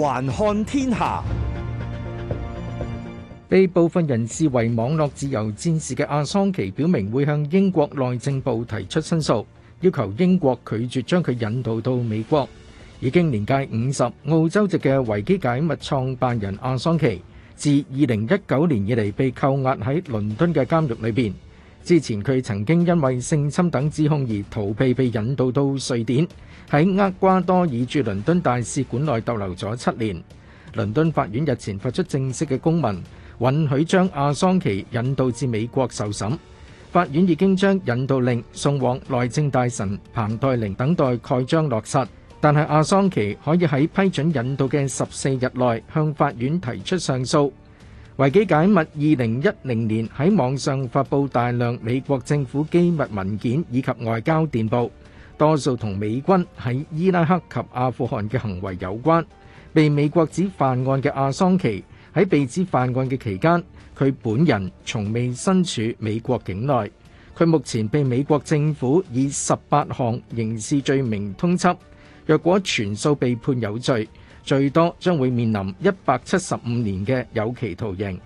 環看天下，被部分人視為網絡自由戰士嘅阿桑奇，表明會向英國內政部提出申訴，要求英國拒絕將佢引渡到美國。已經年屆五十，澳洲籍嘅維基解密創辦人阿桑奇，自二零一九年以嚟被扣押喺倫敦嘅監獄裏邊。之前佢曾經因為性侵等指控而逃避，被引渡到瑞典，喺厄瓜多爾駐倫敦大使館內逗留咗七年。倫敦法院日前發出正式嘅公文，允許將阿桑奇引渡至美國受審。法院已經將引渡令送往內政大臣彭黛玲等待蓋章落實，但係阿桑奇可以喺批准引渡嘅十四日內向法院提出上訴。維基解密二零一零年喺網上發布大量美國政府機密文件以及外交電報，多數同美軍喺伊拉克及阿富汗嘅行為有關。被美國指犯案嘅阿桑奇喺被指犯案嘅期間，佢本人從未身處美國境內。佢目前被美國政府以十八項刑事罪名通緝，若果全數被判有罪，最多將會面臨一百七十五年嘅有期徒刑。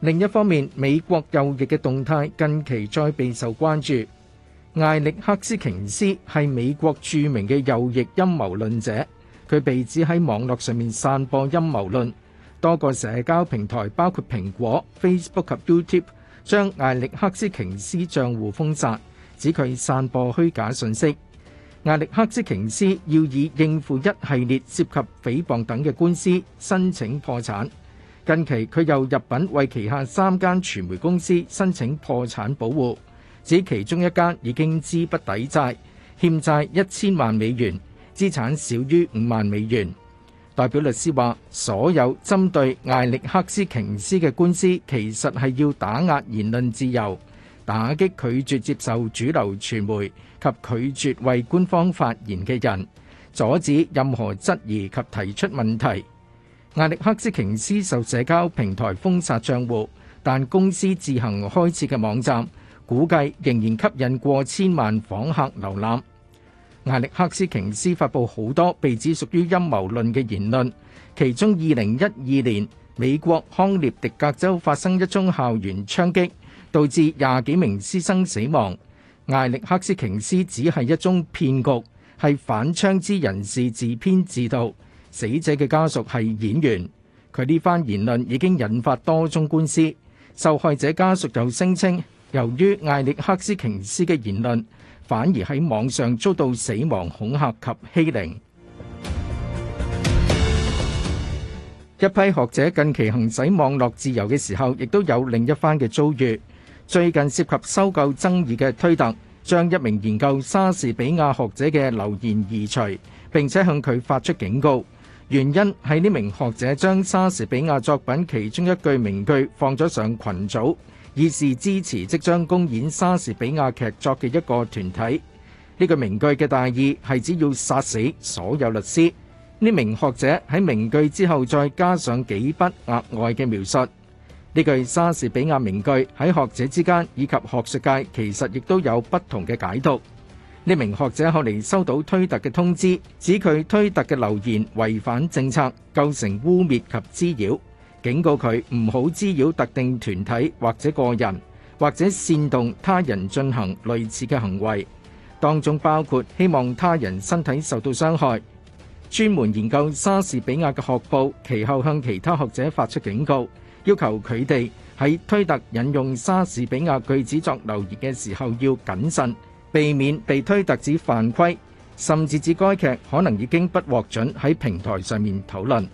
另一方面，美國右翼嘅動態近期再備受關注。艾力克斯瓊斯係美國著名嘅右翼陰謀論者，佢被指喺網絡上面散播陰謀論。多個社交平台，包括蘋果、Facebook 及 YouTube，將艾力克斯瓊斯賬戶封殺，指佢散播虛假訊息。艾力克斯瓊斯要以應付一系列涉及誹謗等嘅官司申請破產。近期佢又入稟為旗下三間傳媒公司申請破產保護，指其中一間已經資不抵債，欠債一千萬美元，資產少於五萬美元。代表律師話：所有針對艾力克斯瓊斯嘅官司，其實係要打壓言論自由。打擊拒絕接受主流傳媒及拒絕為官方發言嘅人，阻止任何質疑及提出問題。艾力克斯瓊斯受社交平台封殺帳戶，但公司自行開設嘅網站估計仍然吸引過千萬訪客瀏覽。艾力克斯瓊斯發布好多被指屬於陰謀論嘅言論，其中二零一二年美國康涅狄格州發生一宗校園槍擊。導致廿幾名師生死亡。艾力克斯瓊斯只係一宗騙局，係反槍支人士自編自導。死者嘅家屬係演員，佢呢番言論已經引發多宗官司。受害者家屬又聲稱，由於艾力克斯瓊斯嘅言論，反而喺網上遭到死亡恐嚇及欺凌。一批學者近期行使網絡自由嘅時候，亦都有另一番嘅遭遇。最近涉及收購爭議嘅推特，將一名研究莎士比亞學者嘅留言移除，並且向佢發出警告。原因係呢名學者將莎士比亞作品其中一句名句放咗上群組，以示支持即將公演莎士比亞劇作嘅一個團體，呢句名句嘅大意係指要殺死所有律師，呢名學者喺名句之後再加上幾筆額外嘅描述。呢句莎士比亞名句喺學者之間以及學術界其實亦都有不同嘅解讀。呢名學者後嚟收到推特嘅通知，指佢推特嘅留言違反政策，構成污衊及滋擾，警告佢唔好滋擾特定團體或者個人，或者煽動他人進行類似嘅行為，當中包括希望他人身體受到傷害。專門研究莎士比亞嘅學報，其後向其他學者發出警告。要求佢哋喺推特引用莎士比亞句子作留言嘅時候要謹慎，避免被推特指犯規，甚至指該劇可能已經不獲准喺平台上面討論。